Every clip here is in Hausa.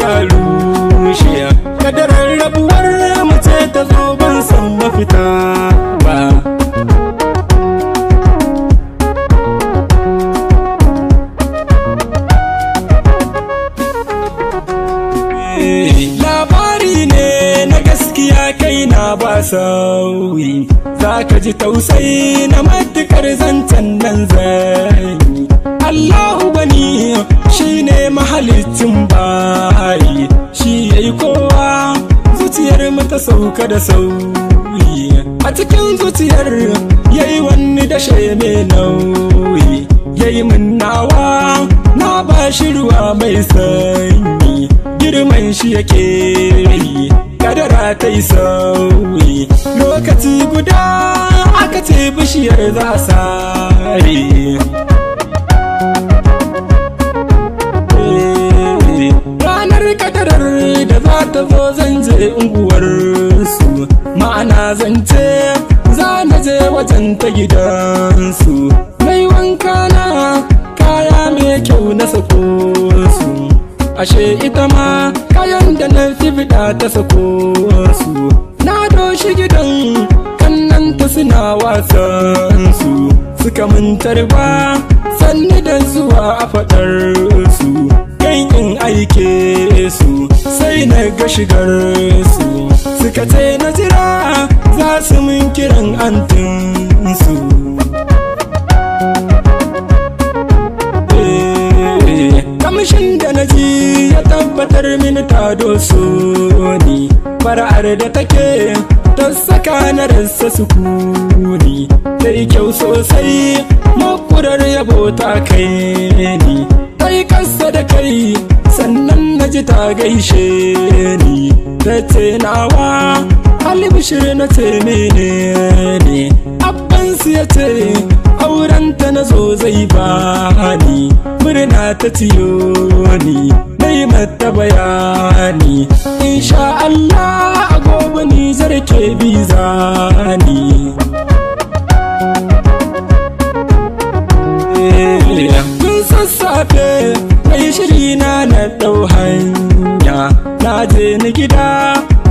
ya rushe kadarar rabuwar mace ta zo ban san mafita ba labari ne na gaskiya kai na ba sauyi za ka ji tausayi na matukar zancen nan zai mahalicin bayi shi yi kowa zuciyar mu ta sauka da sauyi a cikin zuciyar yi wani dashe mai nauyi yayi min nawa na ba shi ruwa mai sanyi girman shi ya yi kadara ta yi sauyi lokaci guda aka ce bishiyar za sare ta zo zan je unguwar su ma'ana zan je za na je wajen ta gidan su mai wanka na kaya mai kyau na sako su ashe ita ma kayan da na fi ta sako su na doshi gidan ta suna wasan su suka mun tarba sanni da zuwa a fadar su nan in aike su sai na ga shigar su suka ce na jira za su min kiran antin su kamshin da na ji ya tabbatar min ta doso ni fara'ar da take ta saka na rasa su ta yi kyau sosai makurar yabo ta kai ne. kai kansa da kai sannan na ji ta gaishe ni na ce nawa halibishir na ce mene ne abbansu ya ce aurenta na zo zai ba bani murna ta ciyo ni na yi mata bayani insha Allah a gobe ni zarke biza ni Yeah. sassafe kai shiri na na ɗau hanya na je ni gida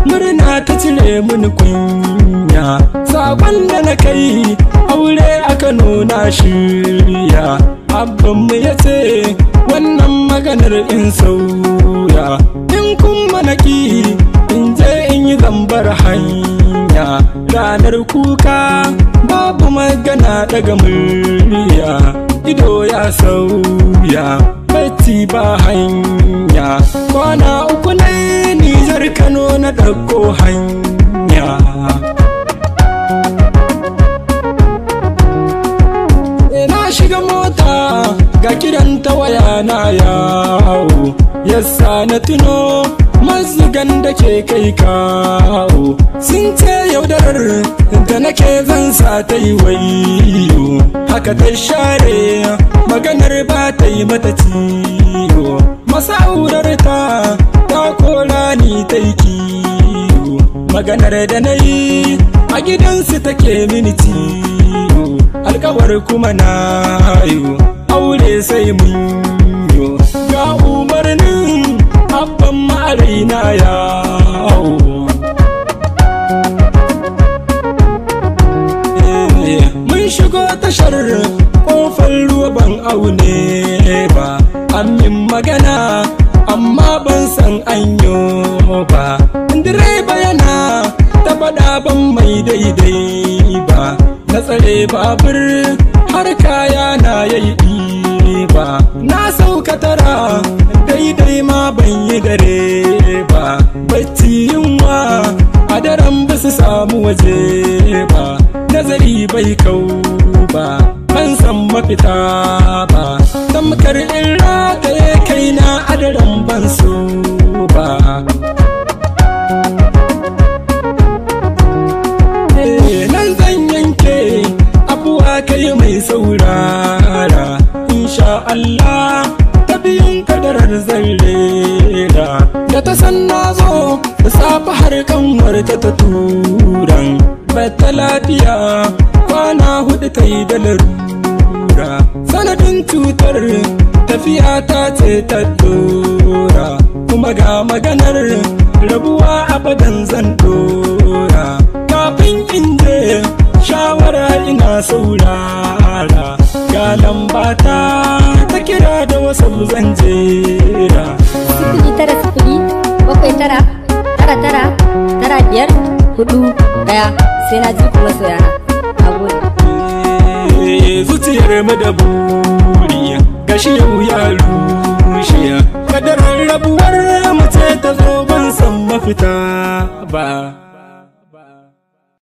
murna ta cire mun kunya Sabon da na kai aure a Kano na shirya abban mu ya ce wannan maganar in sauya in kun manaki ki in je in yi zambar hanya ranar kuka babu magana daga murya ido ya sauya mati ba hanya kwana uku ne nijar kano na ɗauko hanya eh, na shiga mota ga gidan ta waya na yawo yasa na tuno hangen da ke kai kawo sun ce yaudarar da nake zan sa ta yi wayo haka ta share maganar ba ta yi mata ciwo masaurar ta ta kora ni ta yi kiwo maganar da na yi a gidansu take mini ciwo alkawar kuma na aure sai mun yaya eh, mun shigo tashar kofar ruwa ban aune ba amin magana amma ban san anyo ba direba yana ta faɗa ban mai daidai ba na tsare babur har kaya na yayi ba na sauka tara daidai ma ban yi dare yaran ba su samu waje ba nazari bai kau ba ban san mafita ba tamkar in kai kaina adaran ban so ba eh, nan zan yanke abuwa kai mai saurara insha Allah ta biyun kadarar zan da ta sanna har kanwar ta ta turan bata lafiya kwana hudu ta yi da larura sanadin cutar tafiya ta ce ta dora kuma ga maganar rabuwa abadan zan dora kafin in shawara ina saurara ga lambata ta kira da wasu zan jera tara tara tara biyar hudu daya sai na ji kuma soyana a gode eh, zuciyar madaburiya gashi yau ya lushiya kadarar rabuwar mace ta zo ban san mafita ba